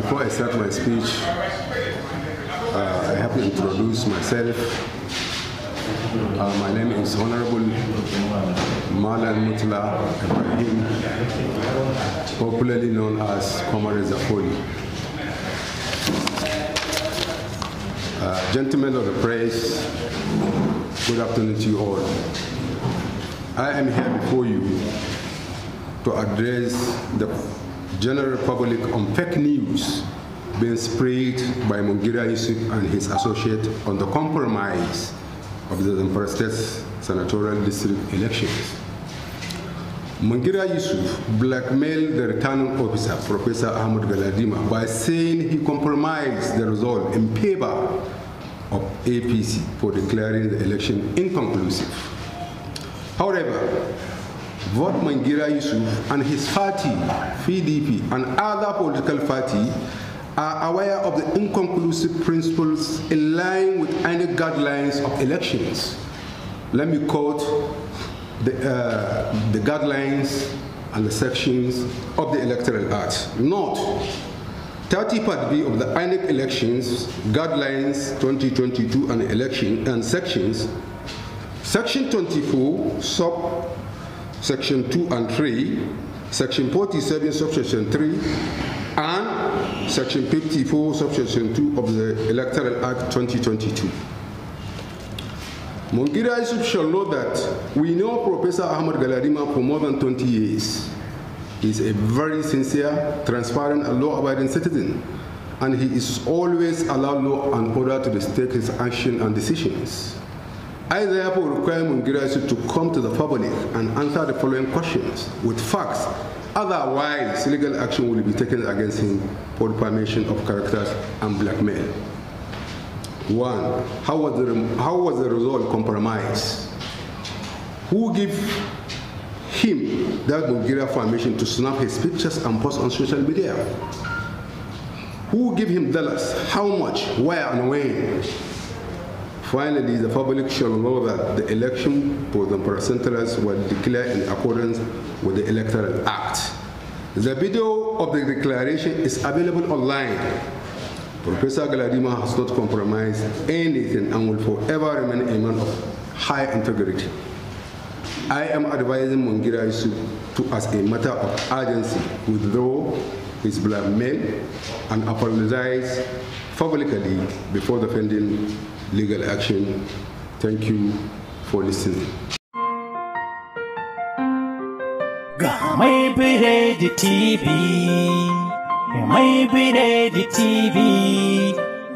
before I start my speech, uh, I have to introduce myself. Uh, my name is Honorable Malan Mutla Ibrahim, popularly known as Comrade Zafoli. Uh, gentlemen of the press, good afternoon to you all. I am here before you to address the general public on fake news being spread by Mungira Yusuf and his associate on the compromise of the Zamfara State's senatorial district elections. Mungira Yusuf blackmailed the returning officer, Professor Ahmed Galadima, by saying he compromised the result in favor of APC for declaring the election inconclusive. However, what Mangira Yusuf and his party, PDP, and other political parties are aware of the inconclusive principles in line with any guidelines of elections. Let me quote the, uh, the guidelines and the sections of the Electoral Act. Note, 30 Part B of the INEC elections, guidelines 2022 and election and sections, section 24, sub Section 2 and 3, Section 47, Subsection 3, and Section 54, Subsection 2 of the Electoral Act 2022. Mongirai shall know that we know Professor Ahmad Galadima for more than 20 years. He is a very sincere, transparent, and law-abiding citizen, and he is always allowed law and order to dictate his action and decisions. I therefore require Mungirasu to come to the public and answer the following questions with facts. Otherwise, legal action will be taken against him for defamation of characters and blackmail. One, how was the, how was the result compromised? Who gave him that Mungira information to snap his pictures and post on social media? Who gave him dollars? How much? Where and when? Finally, the public shall know that the election for the percentiles were declared in accordance with the Electoral Act. The video of the declaration is available online. Professor Galadima has not compromised anything and will forever remain a man of high integrity. I am advising Mungira Yusuf to, as a matter of urgency, withdraw his blackmail and apologize publicly before defending legal action. Thank you for listening. Ga mai biredi TV, mai biredi TV,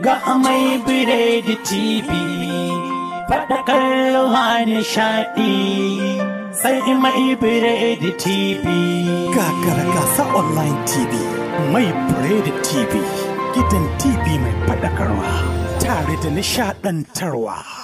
ga mai biredi TV, faɗakar nishaɗi. sai mai biredi TV. Kakara gasa online TV, mai biredi TV, gidan TV mai faɗakarwa. tare da nishaɗantarwa.